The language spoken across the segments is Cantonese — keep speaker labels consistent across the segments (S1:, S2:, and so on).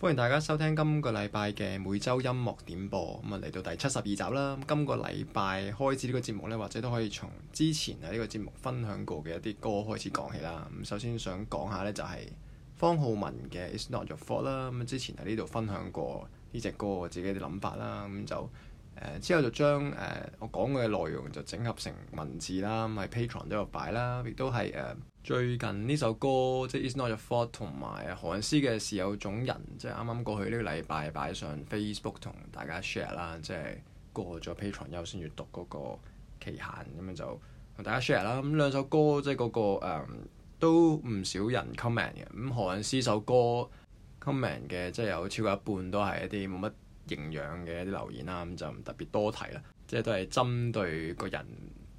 S1: 歡迎大家收聽今個禮拜嘅每周音樂點播，咁啊嚟到第七十二集啦。咁今個禮拜開始呢個節目呢，或者都可以從之前喺呢個節目分享過嘅一啲歌開始講起啦。咁首先想講下呢，就係方皓玟嘅《It's Not Your Fault》啦。咁之前喺呢度分享過呢隻歌我自己嘅諗法啦。咁就之後就將誒我講嘅內容就整合成文字啦。咁喺 Patreon 都有擺啦，亦都係誒。最近呢首歌即係《It's not your fault》同埋何韻詩嘅是有種人，即係啱啱過去呢個禮拜擺上 Facebook 同大家 share 啦，即係過咗 Patreon 優先閱讀嗰個期限，咁樣就同大家 share 啦。咁兩首歌即係、那、嗰個誒、嗯、都唔少人 comment 嘅。咁何韻詩首歌 comment 嘅即係有超過一半都係一啲冇乜營養嘅一啲留言啦，咁就唔特別多提啦。即係都係針對個人。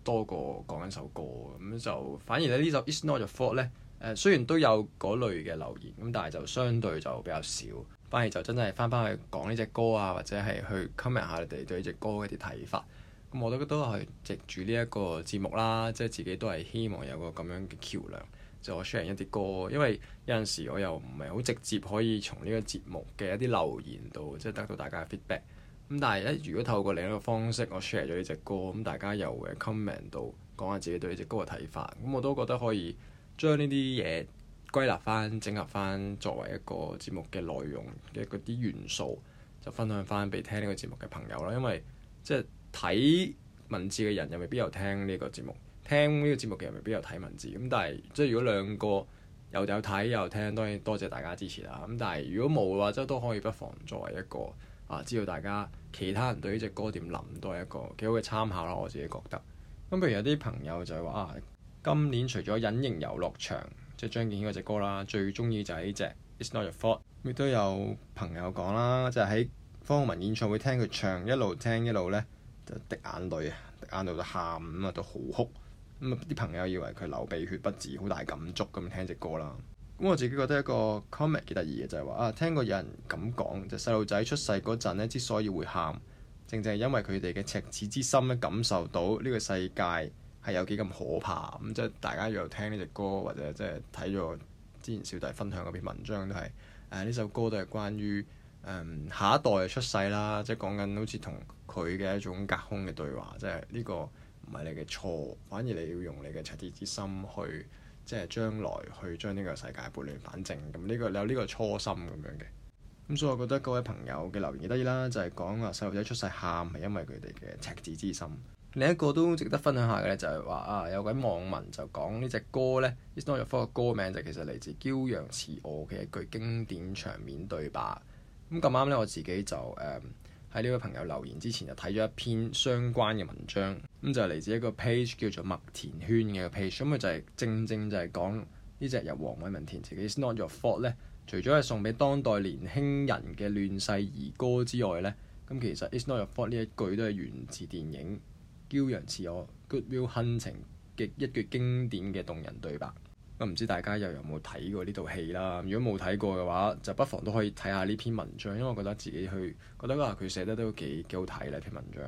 S1: 多過講緊首歌咁就，反而咧呢首 It's Not Your Fault 咧，誒、呃、雖然都有嗰類嘅留言，咁但係就相對就比較少，反而就真係翻返去講呢隻歌啊，或者係去 comment 下你哋對呢隻歌嘅啲睇法。咁我都都係藉住呢一個節目啦，即係自己都係希望有個咁樣嘅橋梁，就 share 一啲歌，因為有陣時我又唔係好直接可以從呢個節目嘅一啲留言度，即係得到大家嘅 feedback。咁但係咧如果透過另一個方式，我 share 咗呢隻歌，咁大家又會喺 comment 度講下自己對呢隻歌嘅睇法，咁、嗯、我都覺得可以將呢啲嘢歸納返、整合返作為一個節目嘅內容嘅嗰啲元素，就分享返俾聽呢個節目嘅朋友啦。因為即係睇文字嘅人又未必有聽呢個節目，聽呢個節目嘅人未必有睇文字。咁、嗯、但係即係如果兩個又有睇又有聽，當然多謝大家支持啦。咁但係如果冇嘅話，即係都可以不妨作為一個。啊！知道大家其他人對呢隻歌點諗都係一個幾好嘅參考啦，我自己覺得。咁譬如有啲朋友就係話啊，今年除咗《隱形遊樂場》，即係張敬軒嗰隻歌啦，最中意就係呢隻《It's Not Your Fault》。亦都有朋友講啦，就係喺方文演唱會聽佢唱，一路聽一路呢，就滴眼淚啊，滴眼淚就喊啊，都好哭。咁啊，啲朋友以為佢流鼻血不止，好大感觸咁聽隻歌啦。咁我自己覺得一個 comment 幾得意嘅就係、是、話啊，聽過有人咁講，就細路仔出世嗰陣咧，之所以會喊，正正係因為佢哋嘅赤子之心咧，感受到呢個世界係有幾咁可怕。咁即係大家又聽呢隻歌，或者即係睇咗之前小弟分享嗰篇文章都係，誒、啊、呢首歌都係關於、嗯、下一代嘅出世啦，即係講緊好似同佢嘅一種隔空嘅對話，即係呢個唔係你嘅錯，反而你要用你嘅赤子之心去。即係將來去將呢個世界撥亂反正，咁呢個有呢個初心咁樣嘅。咁所以，我覺得各位朋友嘅留言而得意啦，就係講話細路仔出世喊係因為佢哋嘅赤子之心。另一個都值得分享下嘅咧，就係話啊，有位網民就講呢隻歌咧 It's not your fault 嘅歌名就其實嚟自《驕陽似我》嘅一句經典場面對白。咁咁啱咧，我自己就誒。Um, 喺呢位朋友留言之前，就睇咗一篇相關嘅文章，咁就嚟自一個 page 叫做麥田圈嘅 page，咁佢就係、是、正正就係講呢隻由黃偉文填詞嘅。It's not your fault 咧，除咗係送俾當代年輕人嘅亂世兒歌之外咧，咁其實 It's not your fault 呢一句都係源自電影《驕陽似我》Goodwill Hunting 嘅一句經典嘅動人對白。咁唔知大家又有冇睇過呢套戲啦？如果冇睇過嘅話，就不妨都可以睇下呢篇文章，因為我覺得自己去覺得啦，佢寫得都幾幾好睇呢篇文章。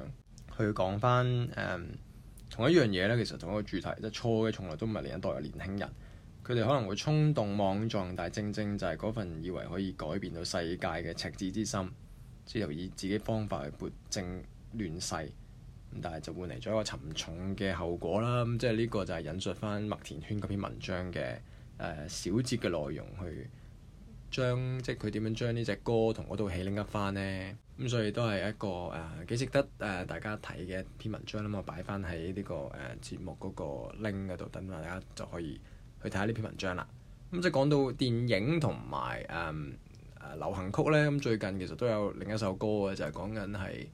S1: 佢講翻誒同一樣嘢呢，其實同一個主題，即係錯嘅，從來都唔係另一代嘅年輕人，佢哋可能會衝動莽撞，但係正正就係嗰份以為可以改變到世界嘅赤子之心，之由以自己方法去撥正亂世。但係就換嚟咗一個沉重嘅後果啦，咁、嗯、即係呢個就係引述翻麥田圈嗰篇文章嘅誒、呃、小節嘅內容，去將即係佢點樣將呢隻歌同嗰套戲 link 翻咧，咁、嗯、所以都係一個誒幾、呃、值得誒、呃、大家睇嘅一篇文章啦嘛，我擺翻喺呢個誒節、呃、目嗰個 link 嗰度，等大家就可以去睇下呢篇文章啦。咁、嗯、即係講到電影同埋誒流行曲呢，咁、嗯、最近其實都有另一首歌嘅，就係講緊係。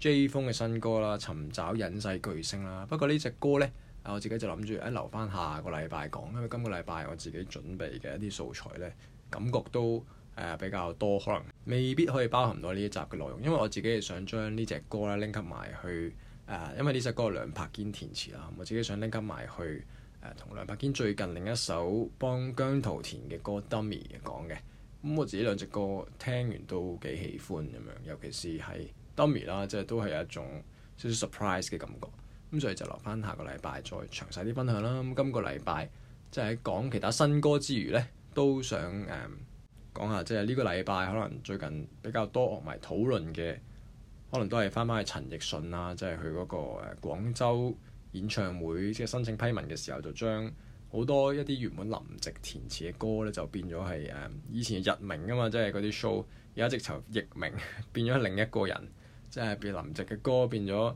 S1: J 風嘅新歌啦，尋找隱世巨星啦。不過呢隻歌呢，啊我自己就諗住喺留返下個禮拜講，因為今個禮拜我自己準備嘅一啲素材呢，感覺都誒、呃、比較多，可能未必可以包含到呢一集嘅內容。因為我自己係想將呢隻歌咧拎級埋去誒、呃，因為呢隻歌梁柏堅填詞啦，我自己想拎級埋去誒同、呃、梁柏堅最近另一首幫姜濤填嘅歌《Dummy、嗯》講嘅。咁我自己兩隻歌聽完都幾喜歡咁樣，尤其是喺～Tommy 啦，ummy，即係都係有一種少少 surprise 嘅感覺。咁所以就留翻下個禮拜再詳細啲分享啦。咁今個禮拜即係講其他新歌之餘呢，都想誒、嗯、講下，即係呢個禮拜可能最近比較多埋討論嘅，可能都係翻返去陳奕迅啦，即係佢嗰個誒廣州演唱會，即係申請批文嘅時候就將好多一啲原本林夕填詞嘅歌呢，就變咗係誒以前佚名啊嘛，即係嗰啲 show 而家直頭易名變咗另一個人。即係別林夕嘅歌變咗，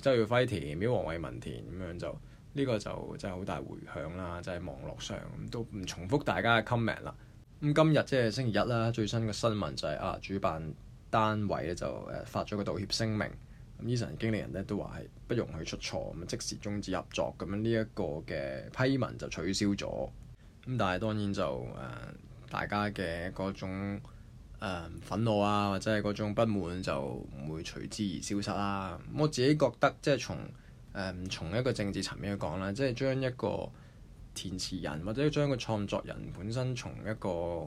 S1: 周耀輝填苗黃偉文填咁樣就呢、這個就真係好大迴響啦，即係網絡上都唔重複大家嘅 comment 啦。咁、嗯、今日即係星期一啦，最新嘅新聞就係、是、啊，主辦單位咧就誒發咗個道歉聲明。咁 Eason 經理人咧都話係不容許出錯，咁即時終止合作，咁樣呢一個嘅批文就取消咗。咁、嗯、但係當然就誒、呃、大家嘅嗰種。誒、嗯、憤怒啊，或者係嗰種不滿就唔會隨之而消失啦。我自己覺得即係從誒從一個政治層面去講啦，即係將一個填詞人或者將個創作人本身從一個誒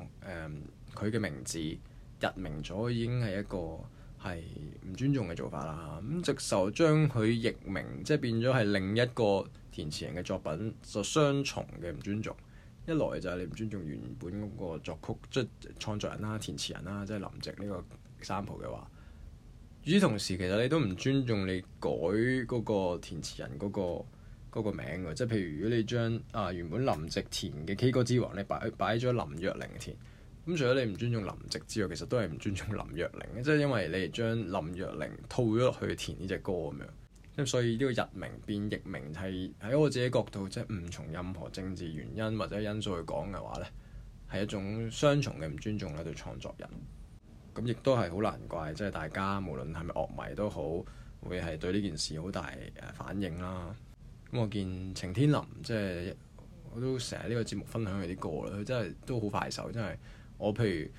S1: 佢嘅名字佚名咗已經係一個係唔尊重嘅做法啦。咁直受將佢易名，即係變咗係另一個填詞人嘅作品，就雙重嘅唔尊重。一來就係你唔尊重原本嗰個作曲即係、就是、創作人啦、啊、填詞人啦、啊，即係林夕呢個三浦嘅話。與此同時，其實你都唔尊重你改嗰個填詞人嗰、那個那個名㗎，即係譬如如果你將啊原本林夕填嘅《K 歌之王》咧，擺擺咗林若寧填。咁除咗你唔尊重林夕之外，其實都係唔尊重林若寧，即係因為你將林若寧套咗落去填呢隻歌咁樣。咁所以呢個佚名變易名，係喺我自己角度，即係唔從任何政治原因或者因素去講嘅話呢，係一種雙重嘅唔尊重對創作人。咁亦都係好難怪，即係大家無論係咪樂迷都好，會係對呢件事好大誒反應啦。咁我見晴天林，即係我都成日呢個節目分享佢啲歌啦，佢真係都好快手，真係我譬如。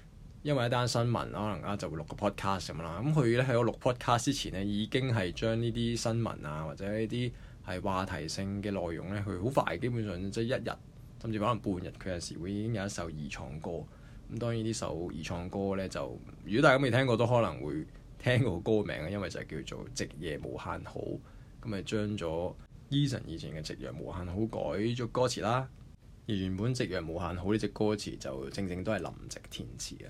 S1: 因為一單新聞，可能啊就會錄個 podcast 咁啦。咁佢咧喺我錄 podcast 之前呢，已經係將呢啲新聞啊，或者呢啲係話題性嘅內容呢，佢好快基本上即係一日甚至可能半日，佢有時會已經有一首二創歌。咁當然呢首二創歌呢，就如果大家未聽過，都可能會聽過歌名，因為就係叫做《夕陽無限好》。咁咪將咗 Eason 以前嘅《夕陽無限好》改咗歌詞啦。而原本《夕陽無限好》呢隻歌詞就正正都係林夕填詞嘅。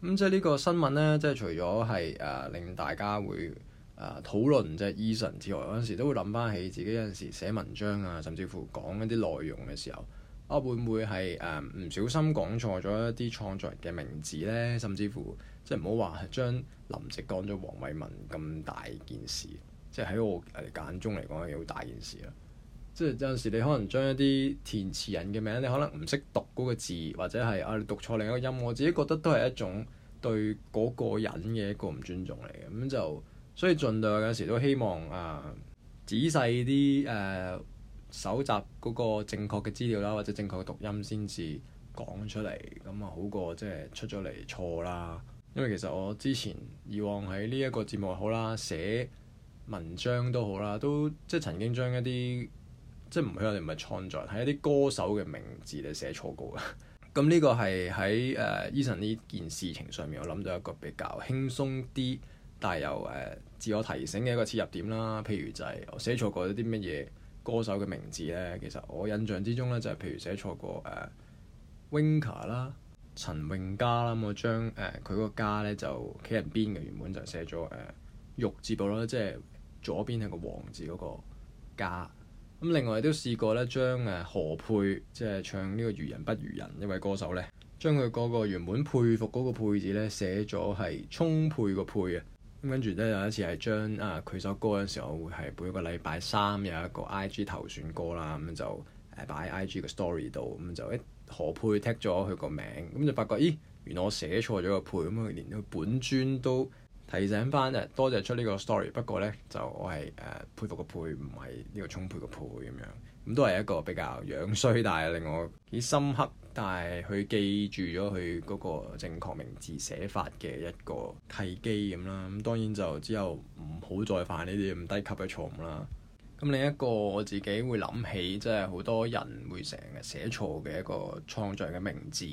S1: 咁、嗯、即係呢個新聞呢，即係除咗係誒令大家會誒、呃、討論即係 Eason 之外，有陣時都會諗翻起自己有陣時寫文章啊，甚至乎講一啲內容嘅時候，啊會唔會係誒唔小心講錯咗一啲創作人嘅名字呢？甚至乎即係唔好話係將林夕講咗黃偉文咁大件事，即係喺我誒眼中嚟講係好大件事啦。即係有陣時，你可能將一啲填詞人嘅名，你可能唔識讀嗰個字，或者係啊你讀錯另一個音。我自己覺得都係一種對嗰個人嘅一個唔尊重嚟嘅，咁就，所以盡量有時都希望啊仔細啲誒搜集嗰個正確嘅資料啦，或者正確嘅讀音先至講出嚟咁啊，好過即係出咗嚟錯啦。因為其實我之前以往喺呢一個節目好啦，寫文章都好啦，都即係曾經將一啲。即係唔係我哋唔係創作，係一啲歌手嘅名字你寫錯過啦。咁 呢、嗯這個係喺誒 Eason 呢件事情上面，我諗到一個比較輕鬆啲，但係又誒自我提醒嘅一個切入點啦。譬如就係我寫錯過一啲乜嘢歌手嘅名字咧，其實我印象之中咧就係、是、譬如寫錯過誒、呃、Winka 啦、陳詠嘉啦，嗯、我將誒佢個嘉咧就企人邊嘅，原本就寫咗誒、呃、玉字部啦，即係左邊係個王字嗰個嘉。咁另外都試過咧，將誒何佩即係、就是、唱呢、這個《愚人不如人》一位歌手咧，將佢嗰個原本佩服嗰個佩字咧寫咗係充沛個沛嘅。咁跟住咧有一次係將啊佢首歌嗰陣時候，會係每個禮拜三有一個 I G 投選歌啦，咁就誒擺 I G 個 story 度，咁就一何佩踢咗佢個名，咁就發覺咦，原來我寫錯咗個佩，咁佢連佢本尊都。提醒翻，多謝出呢個 story。不過呢，就我係誒、呃、佩服佩個佩，唔係呢個充沛個沛咁樣。咁都係一個比較樣衰，但係令我幾深刻。但係佢記住咗佢嗰個正確名字寫法嘅一個契機咁啦。咁當然就之後唔好再犯呢啲咁低級嘅錯誤啦。咁另一個我自己會諗起，即係好多人會成日寫錯嘅一個創作嘅名字。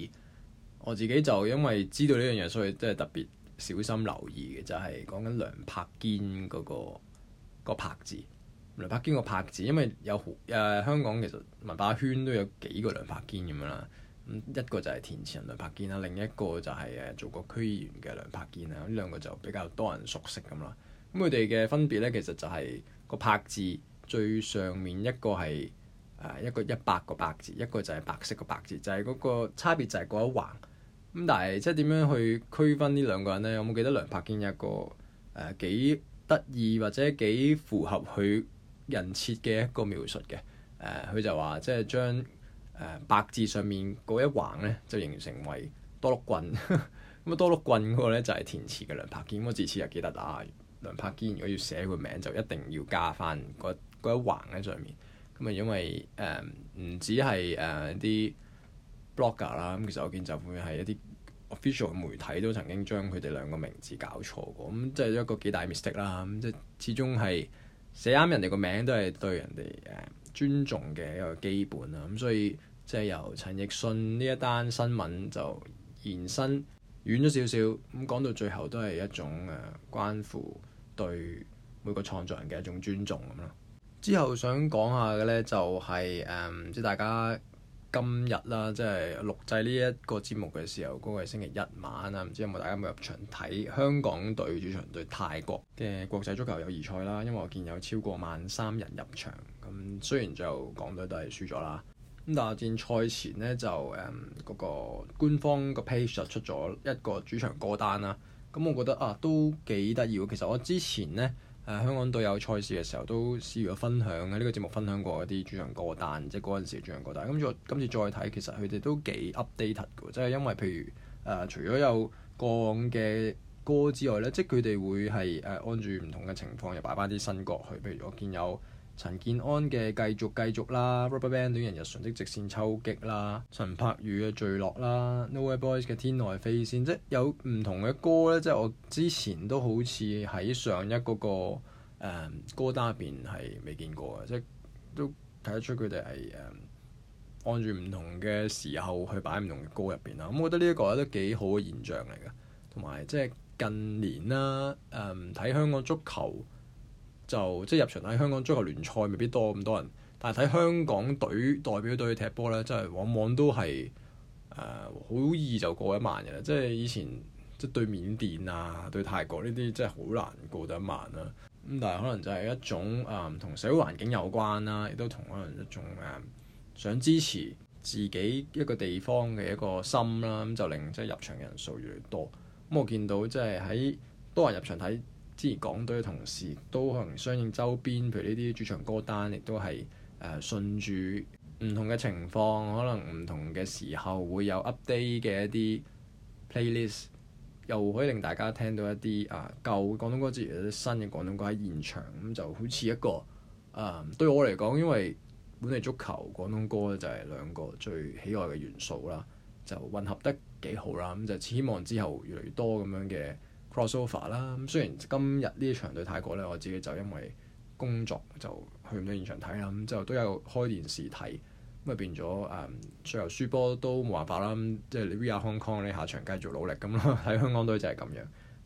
S1: 我自己就因為知道呢樣嘢，所以即係特別。小心留意嘅就係講緊梁柏堅嗰、那個柏、那個、字，梁柏堅個柏字，因為有好、呃、香港其實文化圈都有幾個梁柏堅咁樣啦，咁一個就係填詞人梁柏堅啦，另一個就係誒做過區議員嘅梁柏堅啦，呢兩個就比較多人熟悉咁啦。咁佢哋嘅分別咧，其實就係個柏字最上面一個係誒一個一百個栢字，一個就係白色個柏字，就係、是、嗰、那個差別就係嗰一橫。咁但係，即係點樣去區分呢兩個人咧？我有冇記得梁柏堅一個誒、呃、幾得意或者幾符合佢人設嘅一個描述嘅誒？佢、呃、就話即係將誒白字上面嗰一橫咧，就形成為多碌棍咁啊！多碌棍嗰個咧就係、是、填詞嘅梁栢堅。我自此又記得啊，梁栢堅如果要寫佢名，就一定要加翻嗰一橫喺上面。咁啊，因為誒唔止係誒啲 blogger 啦，咁其實我見就會係一啲。official 媒體都曾經將佢哋兩個名字搞錯過，咁、嗯、即係一個幾大 mistake 啦、嗯。咁即始終係寫啱人哋個名都係對人哋誒、呃、尊重嘅一個基本啦。咁、嗯、所以即係由陳奕迅呢一單新聞就延伸遠咗少少，咁、嗯、講到最後都係一種誒、呃、關乎對每個創作人嘅一種尊重咁咯、嗯。之後想講下嘅呢，就係誒唔知大家。今日啦，即係錄製呢一個節目嘅時候，嗰個係星期一晚啊，唔知有冇大家有冇入場睇香港隊主場對泰國嘅國際足球友誼賽啦？因為我見有超過萬三人入場咁，雖然就港隊都係輸咗啦，咁但係戰賽前呢，就誒嗰個官方個 page 就出咗一個主場歌單啦。咁我覺得啊，都幾得意。其實我之前呢……誒、呃、香港隊有賽事嘅時候，都試過分享嘅呢個節目，分享過一啲主場歌單，即係嗰陣時主場歌單。咁再今次再睇，其實佢哋都幾 update 嘅，即係因為譬如誒、呃，除咗有過往嘅歌之外呢，即係佢哋會係誒、呃、按住唔同嘅情況又擺翻啲新歌去。譬如我見有，陳健安嘅繼續繼續啦，Rubberband 啲人日常的直線抽擊啦，陳柏宇嘅墜落啦，Nowhere Boys 嘅天外飛仙，即係有唔同嘅歌咧，即係我之前都好似喺上一個、那個、嗯、歌單入邊係未見過嘅，即係都睇得出佢哋係誒按住唔同嘅時候去擺唔同嘅歌入邊啦，咁、嗯、我覺得呢一個都幾好嘅現象嚟嘅，同埋即係近年啦誒睇香港足球。就即係入場喺香港足球聯賽未必多咁多人，但係睇香港隊代表隊踢波咧，真係往往都係誒好易就過一萬嘅。即係以前即係對緬甸啊、對泰國呢啲，真係好難過得一萬啦、啊。咁但係可能就係一種誒同社會環境有關啦、啊，亦都同可能一種誒、嗯、想支持自己一個地方嘅一個心啦、啊。咁、嗯、就令即係入場人數越嚟越多。咁、嗯、我見到即係喺多人入場睇，之前港隊嘅同時，都可能相應周邊，譬如呢啲主場歌單亦都係誒順住唔同嘅情況，可能唔同嘅時候會有 update 嘅一啲 playlist，又可以令大家聽到一啲啊舊廣東歌之餘，或啲新嘅廣東歌喺現場，咁就好似一個誒、呃、對我嚟講，因為本地足球廣東歌咧就係兩個最喜愛嘅元素啦，就混合得幾好啦，咁就希望之後越嚟越多咁樣嘅。Crossover 啦，咁雖然今日呢場對泰國咧，我自己就因為工作就去唔到現場睇啦，咁之後都有開電視睇，咁啊變咗誒、嗯、最後輸波都冇辦法啦，即係你 We are Hong Kong 咧，下場繼續努力咁咯，喺 香港都就係咁樣，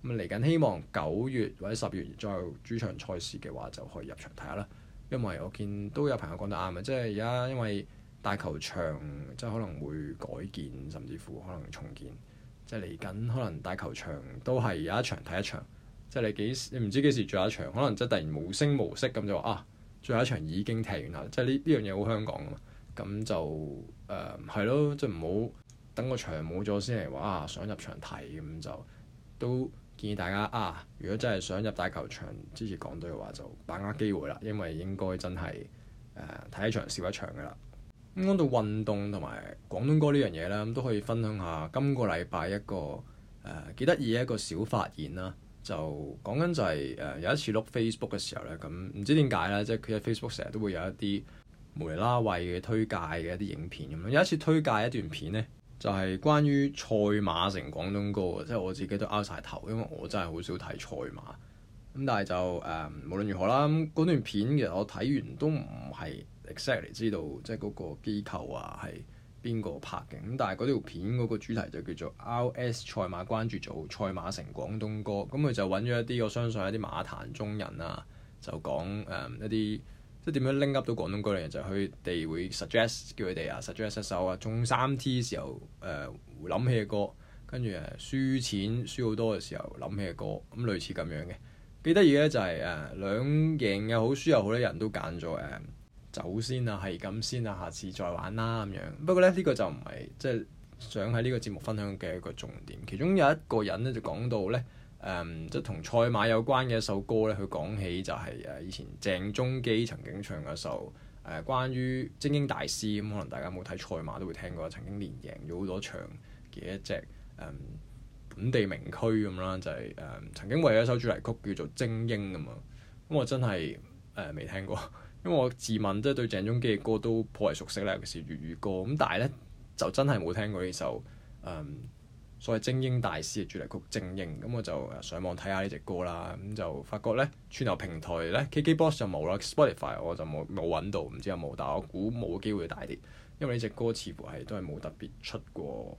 S1: 咁嚟緊希望九月或者十月再有主場賽事嘅話，就可以入場睇下啦，因為我見都有朋友講得啱啊，即係而家因為大球場即係可能會改建甚至乎可能重建。即係嚟緊，可能大球場都係有一場睇一場。即係你幾，你唔知幾時再有一場，可能即係突然無聲無息咁就話啊，最後一場已經踢完啦。即係呢呢樣嘢好香港啊！咁就誒係咯，即係唔好等個場冇咗先嚟話，啊，想入場睇咁就都建議大家啊，如果真係想入大球場支持港隊嘅話，就把握機會啦，因為應該真係誒睇一場少一場噶啦。咁講到運動同埋廣東歌呢樣嘢呢，都可以分享下今個禮拜一個誒幾得意嘅一個小發現啦。就講緊就係誒有一次碌 Facebook 嘅時候呢，咁、嗯、唔知點解呢，即係佢喺 Facebook 成日都會有一啲無厘啦畏嘅推介嘅一啲影片咁、嗯。有一次推介一段片呢，就係、是、關於賽馬成廣東歌，即係我自己都拗晒頭，因為我真係好少睇賽馬。咁、嗯、但係就誒、呃、無論如何啦，咁嗰段片其實我睇完都唔係。Exactly 知道即係嗰個機構啊係邊個拍嘅咁，但係嗰條片嗰個主題就叫做《RS 賽馬關注組》賽馬城廣東歌，咁佢就揾咗一啲我相信一啲馬壇中人啊，就講誒、嗯、一啲即係點樣拎 up 到廣東歌嚟，就佢、是、哋會 suggest 叫佢哋啊 suggest 一、so, 首啊中三 T 嘅時候誒諗、呃、起嘅歌，跟住誒輸錢輸好多嘅時候諗起嘅歌，咁類似咁樣嘅。幾得意咧就係、是、誒、啊、兩贏又好輸又好，有好多人都揀咗誒。嗯走先啊，係咁先啊，下次再玩啦咁樣。不過咧，呢、這個就唔係，即係想喺呢個節目分享嘅一個重點。其中有一個人咧就講到咧，誒即同賽馬有關嘅一首歌咧，佢講起就係誒以前鄭中基曾經唱嘅首誒、呃、關於精英大師咁、嗯。可能大家冇睇賽馬都會聽過，曾經連贏咗好多場嘅一隻、嗯、本地名駒咁啦，就係、是、誒、嗯、曾經為咗首主題曲叫做《精英》咁、嗯、嘛。咁我真係誒未聽過。 因為我自問都對鄭中基嘅歌都頗為熟悉咧，尤其是粵語歌。咁但係咧就真係冇聽過呢首、嗯、所謂精英大師嘅主題曲《精英》。咁、嗯、我就上網睇下呢隻歌啦。咁、嗯、就發覺咧，串流平台咧，KKBOX 就冇啦，Spotify 我就冇冇揾到，唔知有冇。但我估冇機會大啲，因為呢隻歌似乎係都係冇特別出過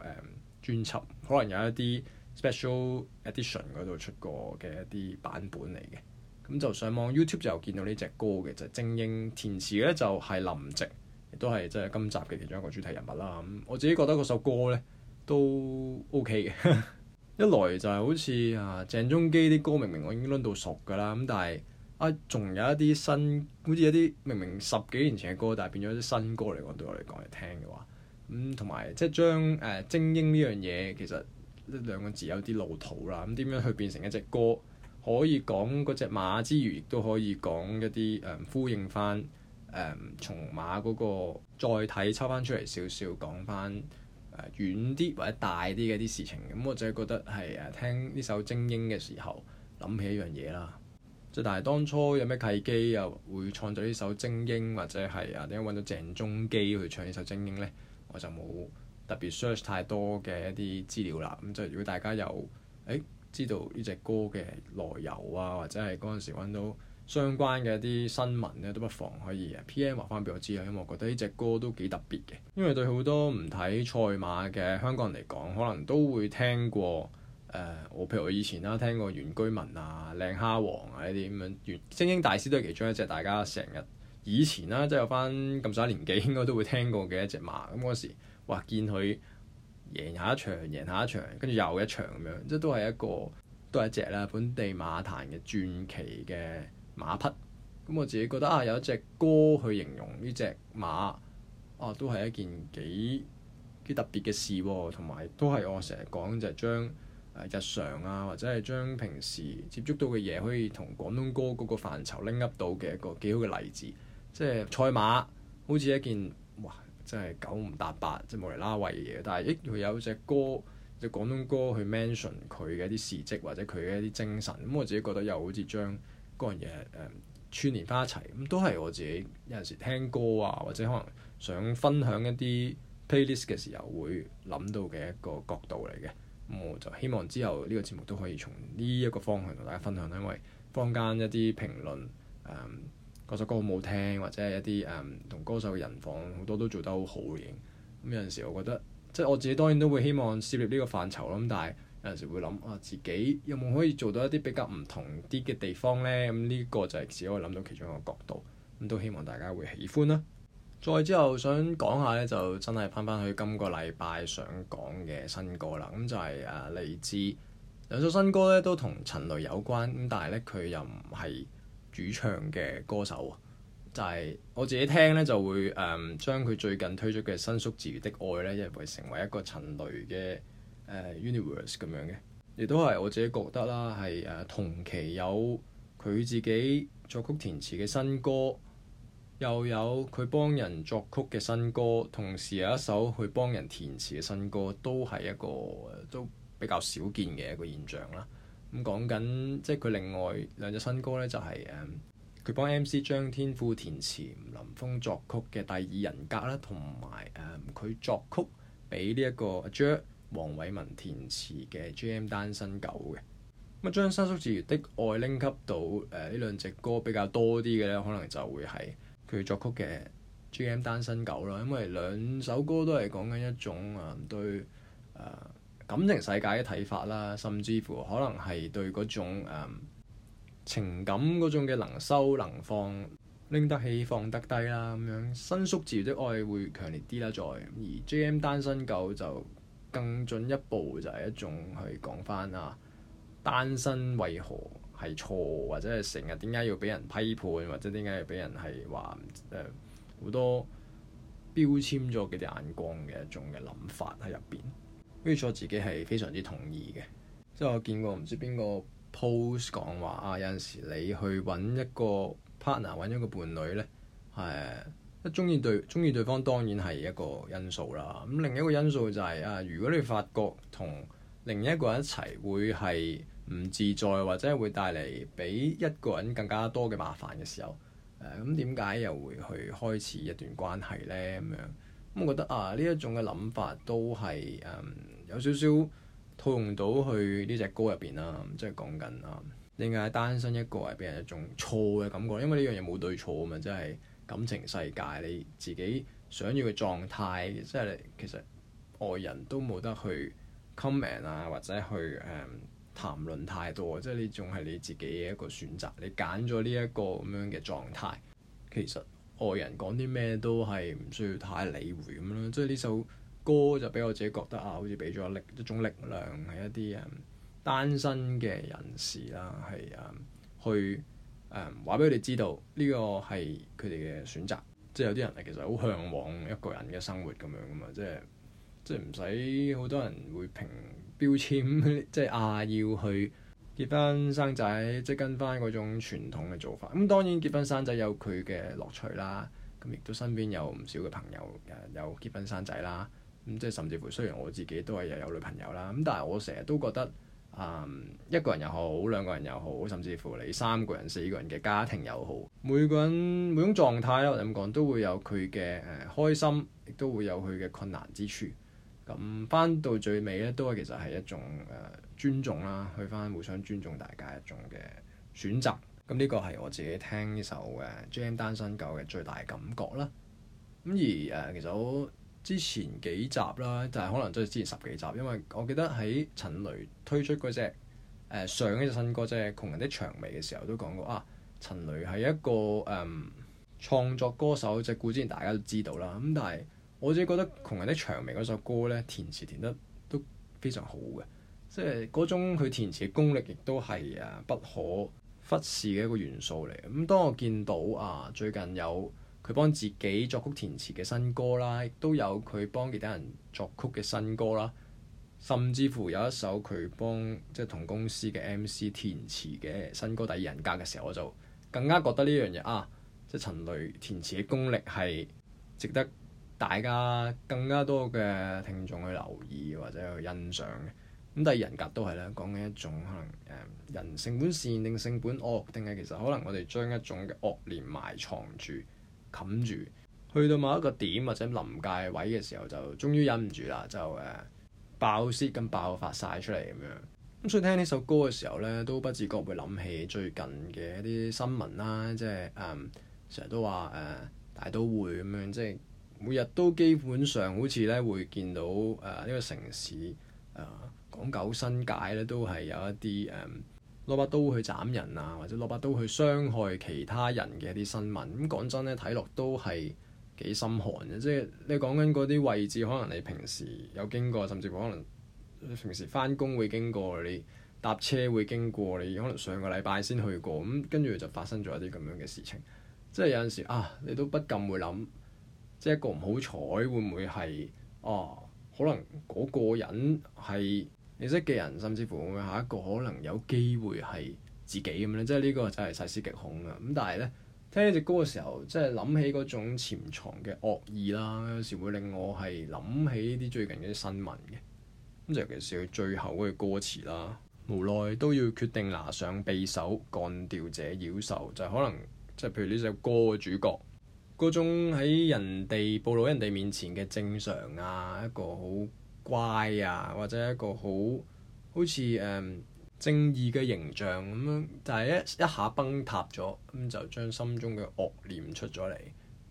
S1: 誒專輯，可能有一啲 special edition 嗰度出過嘅一啲版本嚟嘅。咁就上網 YouTube 就見到呢隻歌嘅，就係、是《精英》填詞咧就係林夕，亦都係即係今集嘅其中一個主題人物啦。咁我自己覺得嗰首歌咧都 OK 嘅， 一來就係好似啊鄭中基啲歌明明我已經輪到熟㗎啦，咁但係啊仲有一啲新，好似一啲明明十幾年前嘅歌，但係變咗一啲新歌嚟講對我嚟講嚟聽嘅話，咁同埋即係將誒、啊《精英》呢樣嘢其實呢兩個字有啲老土啦，咁點樣去變成一隻歌？可以講嗰隻馬之餘，亦都可以講一啲誒、嗯、呼應翻誒、嗯、從馬嗰、嗰個載體抽翻出嚟少少講翻誒遠啲或者大啲嘅一啲事情。咁我就係覺得係誒聽呢首精、啊、首《精英》嘅時候諗起一樣嘢啦。即但係當初有咩契機又會創作呢首《精英》，或者係啊點解揾到鄭中基去唱呢首《精英》呢？我就冇特別 search 太多嘅一啲資料啦。咁就如果大家有誒，欸知道呢隻歌嘅來由啊，或者係嗰陣時揾到相關嘅一啲新聞呢，都不妨可以 P.M. 話翻俾我知啊。因為我覺得呢隻歌都幾特別嘅。因為對好多唔睇賽馬嘅香港人嚟講，可能都會聽過誒、呃，我譬如我以前啦聽過原居民啊、靚蝦王啊呢啲咁樣，原精英大師都係其中一隻，大家成日以前啦、啊，即係有翻咁細年紀應該都會聽過嘅一隻馬。咁、嗯、嗰時話見佢。贏下一場，贏下一場，跟住又一場咁樣，即都係一個，都係一隻啦，本地馬壇嘅傳奇嘅馬匹。咁我自己覺得啊，有一隻歌去形容呢隻馬，啊，都係一件幾幾特別嘅事，啊，同埋都係我成日講就係將日常啊，或者係將平時接觸到嘅嘢，可以同廣東歌嗰個範疇拎 up 到嘅一個幾好嘅例子。即係賽馬，好似一件。真係九唔搭八，即冇嚟釐啦位嘅嘢。但係，亦佢有隻歌，隻廣東歌去 mention 佢嘅一啲事蹟或者佢嘅一啲精神。咁、嗯、我自己覺得又好似將嗰樣嘢誒串連翻一齊。咁、嗯、都係我自己有陣時聽歌啊，或者可能想分享一啲 playlist 嘅時候會諗到嘅一個角度嚟嘅。咁、嗯、我就希望之後呢個節目都可以從呢一個方向同大家分享，因為坊間一啲評論誒。嗯嗰首歌好唔好聽，或者係一啲誒同歌手嘅人況好多都做得好好嘅。咁、嗯、有陣時，我覺得即係我自己當然都會希望涉獵呢個範疇咁，但係有陣時會諗啊，自己有冇可以做到一啲比較唔同啲嘅地方呢？咁、嗯、呢、呢個就係只可以諗到其中一個角度。咁、嗯、都希望大家會喜歡啦。再之後想講下呢，就真係翻返去今個禮拜想講嘅新歌啦。咁、嗯、就係誒荔枝兩首新歌呢，都同陳蕾有關咁，但係呢，佢又唔係。主唱嘅歌手，啊，就係、是、我自己聽咧，就會誒將佢最近推出嘅《新宿自由的愛》咧，亦為成為一個陳蕾嘅誒、呃、universe 咁樣嘅，亦都係我自己覺得啦，係誒、呃、同期有佢自己作曲填詞嘅新歌，又有佢幫人作曲嘅新歌，同時有一首佢幫人填詞嘅新歌，都係一個都比較少見嘅一個現象啦。咁講緊，即係佢另外兩隻新歌咧，就係誒佢幫 M.C. 張天賦填詞、林峯作曲嘅第二人格啦，同埋誒佢作曲俾呢一個阿 Jer 黃偉文填詞嘅《JM 單身9》嘅。咁啊，張三叔自《的愛拎級到誒呢兩隻歌比較多啲嘅咧，可能就會係佢作曲嘅《JM 單身9》啦，因為兩首歌都係講緊一種啊、嗯、對誒，呃感情世界嘅睇法啦，甚至乎可能係對嗰種誒、嗯、情感嗰種嘅能收能放，拎得起放得低啦，咁樣伸縮自如的愛會強烈啲啦。再而 JM 單身9就更進一步，就係一種去講翻啊，單身為何係錯，或者係成日點解要俾人批判，或者點解要俾人係話誒好多標籤咗嘅啲眼光嘅一種嘅諗法喺入邊。which 我自己係非常之同意嘅，即係我見過唔知邊個 post 講話啊，有陣時你去揾一個 partner 揾一個伴侶呢，誒，一中意對中意對方當然係一個因素啦。咁、嗯、另一個因素就係、是、啊，如果你發覺同另一個人一齊會係唔自在，或者會帶嚟比一個人更加多嘅麻煩嘅時候，誒、啊，咁點解又會去開始一段關係呢？咁樣咁、嗯、我覺得啊，呢一種嘅諗法都係誒。嗯有少少套用到去呢隻歌入邊啦，即係講緊點解單身一個係俾人一種錯嘅感覺，因為呢樣嘢冇對錯啊嘛，即係感情世界你自己想要嘅狀態，即係你其實外人都冇得去 comment 啊，或者去誒、嗯、談論太多，即係你仲係你自己嘅一個選擇，你揀咗呢一個咁樣嘅狀態，其實外人講啲咩都係唔需要太理會咁樣即係呢首歌就俾我自己覺得啊，好似俾咗一力一種力量，係一啲誒單身嘅人士啦，係啊、嗯，去誒話俾佢哋知道呢個係佢哋嘅選擇。即係有啲人係其實好嚮往一個人嘅生活咁樣噶嘛，即係即係唔使好多人會評標籤，即係啊要去結婚生仔，即係跟翻嗰種傳統嘅做法。咁、嗯、當然結婚生仔有佢嘅樂趣啦，咁亦都身邊有唔少嘅朋友誒有結婚生仔啦。咁即係甚至乎，雖然我自己都係又有女朋友啦，咁但係我成日都覺得，嗯，一個人又好，兩個人又好，甚至乎你三個人、四個人嘅家庭又好，每個人每種狀態我哋咁講都會有佢嘅誒開心，亦都會有佢嘅困難之處。咁翻到最尾咧，都係其實係一種誒尊重啦，去翻互相尊重大家一種嘅選擇。咁呢個係我自己聽呢首誒《JM 單身9》嘅最大感覺啦。咁而誒，其實我～之前幾集啦，就係可能都係之前十幾集，因為我記得喺陳蕾推出嗰隻、呃、上一隻新歌即係、就是《窮人的薔薇》嘅時候都講過啊。陳蕾係一個誒、嗯、創作歌手，只、就是、故之前大家都知道啦。咁但係我自己覺得《窮人的薔薇》嗰首歌咧，填詞填得都非常好嘅，即係嗰種佢填詞嘅功力亦都係啊不可忽視嘅一個元素嚟。咁、嗯、當我見到啊最近有佢幫自己作曲填詞嘅新歌啦，亦都有佢幫其他人作曲嘅新歌啦，甚至乎有一首佢幫即係同公司嘅 M.C 填詞嘅新歌《第二人格》嘅時候，我就更加覺得呢樣嘢啊，即係陳蕾填詞嘅功力係值得大家更加多嘅聽眾去留意或者去欣賞嘅。咁《第二人格》都係咧講緊一種可能誒人性本善定性本惡，定係其實可能我哋將一種嘅惡念埋藏住。冚住，去到某一個點或者臨界位嘅時候，就終於忍唔住啦，就誒、啊、爆泄咁爆發晒出嚟咁樣。咁、啊、所以聽呢首歌嘅時候呢，都不自覺會諗起最近嘅一啲新聞啦，即係誒成日都話誒、啊、大都會咁樣，即係每日都基本上好似呢會見到誒呢、啊這個城市誒港九新界呢都係有一啲誒。啊攞把刀去斬人啊，或者攞把刀去傷害其他人嘅一啲新聞，咁講真咧，睇落都係幾心寒嘅。即係你講緊嗰啲位置，可能你平時有經過，甚至可能你平時翻工會經過，你搭車會經過，你可能上個禮拜先去過，咁跟住就發生咗一啲咁樣嘅事情。即係有陣時啊，你都不禁會諗，即係一個唔好彩，會唔會係哦，可能嗰個人係。認識嘅人，甚至乎會下一個可能有機會係自己咁樣咧，即係呢個真係細思極恐啊！咁但係呢，聽呢隻歌嘅時候，即係諗起嗰種潛藏嘅惡意啦，有時會令我係諗起啲最近嘅新聞嘅。咁尤其是佢最後嘅歌詞啦，無奈都要決定拿上匕首幹掉這妖獸，就係可能即係譬如呢隻歌嘅主角嗰種喺人哋暴露人哋面前嘅正常啊，一個好。怪啊，或者一個好好似誒正義嘅形象咁樣，但係一一下崩塌咗，咁就將心中嘅惡念出咗嚟，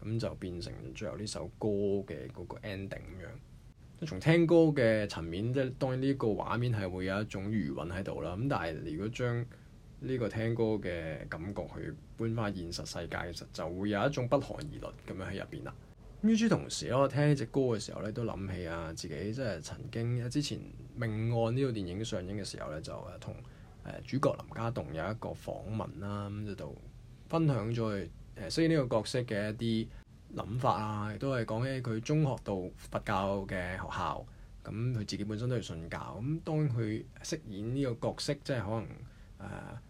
S1: 咁就變成最後呢首歌嘅嗰個 ending 咁樣。從聽歌嘅層面，即係當然呢個畫面係會有一種餘韻喺度啦。咁但係如果將呢個聽歌嘅感覺去搬返現實世界，其實就會有一種不寒而栗咁樣喺入邊啦。咁於此同時，我聽呢隻歌嘅時候咧，都諗起啊自己即係曾經之前命案呢套電影上映嘅時候咧，就誒同誒主角林家棟有一個訪問啦，咁就分享咗佢誒飾演呢個角色嘅一啲諗法啊，亦都係講起佢中學到佛教嘅學校，咁佢自己本身都係信教咁。當佢飾演呢個角色，即係可能誒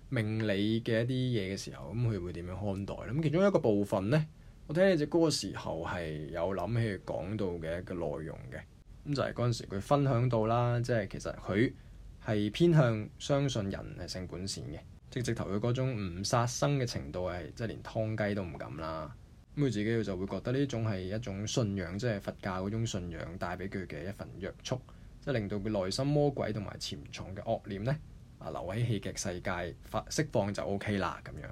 S1: 命、呃、理嘅一啲嘢嘅時候，咁佢會點樣看待？咁其中一個部分咧。我聽呢隻歌嘅時候係有諗起講到嘅一個內容嘅，咁就係嗰陣時佢分享到啦，即係其實佢係偏向相信人係性本善嘅，即直頭佢嗰種唔殺生嘅程度係即係連劏雞都唔敢啦。咁佢自己就會覺得呢種係一種信仰，即係佛教嗰種信仰帶俾佢嘅一份約束，即係令到佢內心魔鬼同埋潛藏嘅惡念呢，啊留喺戲劇世界發釋放就 OK 啦咁樣。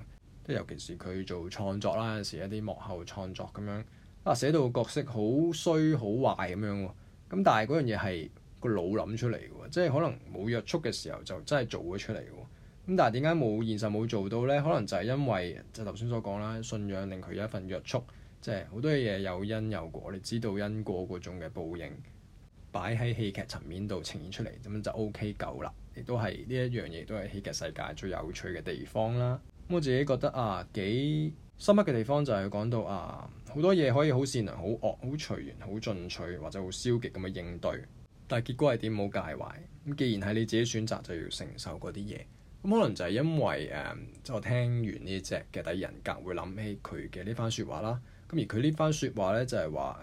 S1: 即尤其是佢做創作啦，有時一啲幕後創作咁樣，啊寫到個角色好衰好壞咁樣喎，咁但係嗰樣嘢係個腦諗出嚟嘅喎，即係可能冇約束嘅時候就真係做咗出嚟嘅喎，咁但係點解冇現實冇做到呢？可能就係因為就頭先所講啦，信仰令佢有一份約束，即係好多嘢有因有果，你知道因果嗰種嘅報應擺喺戲劇層面度呈現出嚟，咁就 OK 夠啦，亦都係呢一樣嘢都係戲劇世界最有趣嘅地方啦。我自己覺得啊幾深刻嘅地方就係講到啊好多嘢可以好善良、好惡、好隨緣、好進取或者好消極咁嘅應對，但結果係點冇介懷咁。既然係你自己選擇，就要承受嗰啲嘢。咁可能就係因為誒，嗯、就我聽完呢隻嘅第人格會諗起佢嘅呢番説話啦。咁而佢呢番説話呢，就係話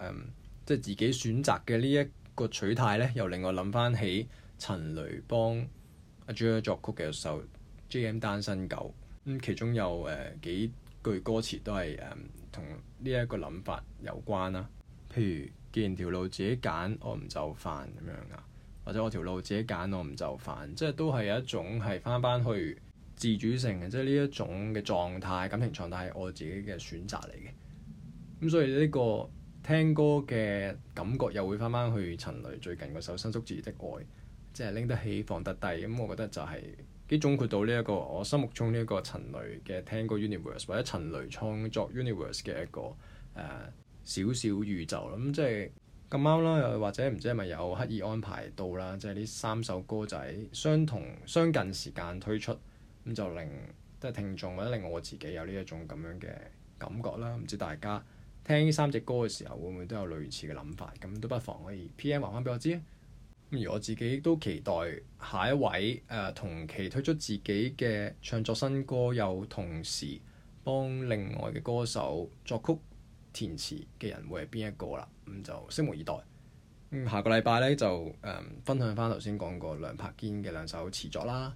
S1: 即係自己選擇嘅呢一個取態呢，又令我諗翻起陳雷幫阿 J 作曲嘅一候 J.M. 單身狗》。咁、嗯、其中有誒、呃、幾句歌詞都係誒同呢一個諗法有關啦、啊。譬如既然條路自己揀，我唔就煩咁樣啊，或者我條路自己揀，我唔就煩，即係都係一種係翻翻去自主性嘅，即係呢一種嘅狀態、感情狀態，係我自己嘅選擇嚟嘅。咁、嗯、所以呢個聽歌嘅感覺又會翻翻去陳蕾最近個首《伸縮自如的愛》，即係拎得起放得低，咁、嗯、我覺得就係、是。幾總括到呢、這、一個我心目中呢、這、一個陳蕾嘅聽歌 universe 或者陳蕾創作 universe 嘅一個誒、呃、小小宇宙咁、嗯、即係咁啱啦，又或者唔知係咪有刻意安排到啦，即係呢三首歌仔相同相近時間推出，咁、嗯、就令即係聽眾或者令我自己有呢一種咁樣嘅感覺啦。唔知大家聽呢三隻歌嘅時候會唔會都有類似嘅諗法？咁、嗯、都不妨可以 PM 還翻俾我知。而我自己都期待下一位誒同期推出自己嘅唱作新歌，又同時幫另外嘅歌手作曲填詞嘅人會係邊一個啦？咁、嗯、就拭目以待。嗯、下個禮拜咧就誒、嗯、分享翻頭先講過梁柏堅嘅兩首詞作啦，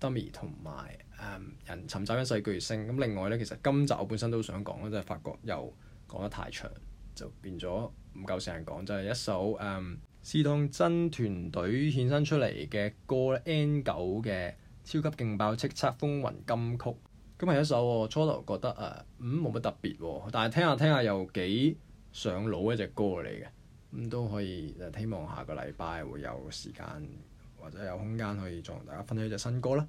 S1: 《Dummy》同埋誒《人尋找一世巨星》嗯。咁另外咧，其實今集我本身都想講，即係發覺又講得太長，就變咗唔夠時間講，就係、是、一首誒。嗯試當真團隊衍生出嚟嘅歌 N9 嘅超級勁爆叱咤風雲金曲，咁係一首喎，初頭覺得啊，嗯冇乜特別，但係聽下聽下又幾上腦一隻歌嚟嘅，咁、嗯、都可以誒、呃，希望下個禮拜會有時間或者有空間去再同大家分享一隻新歌啦。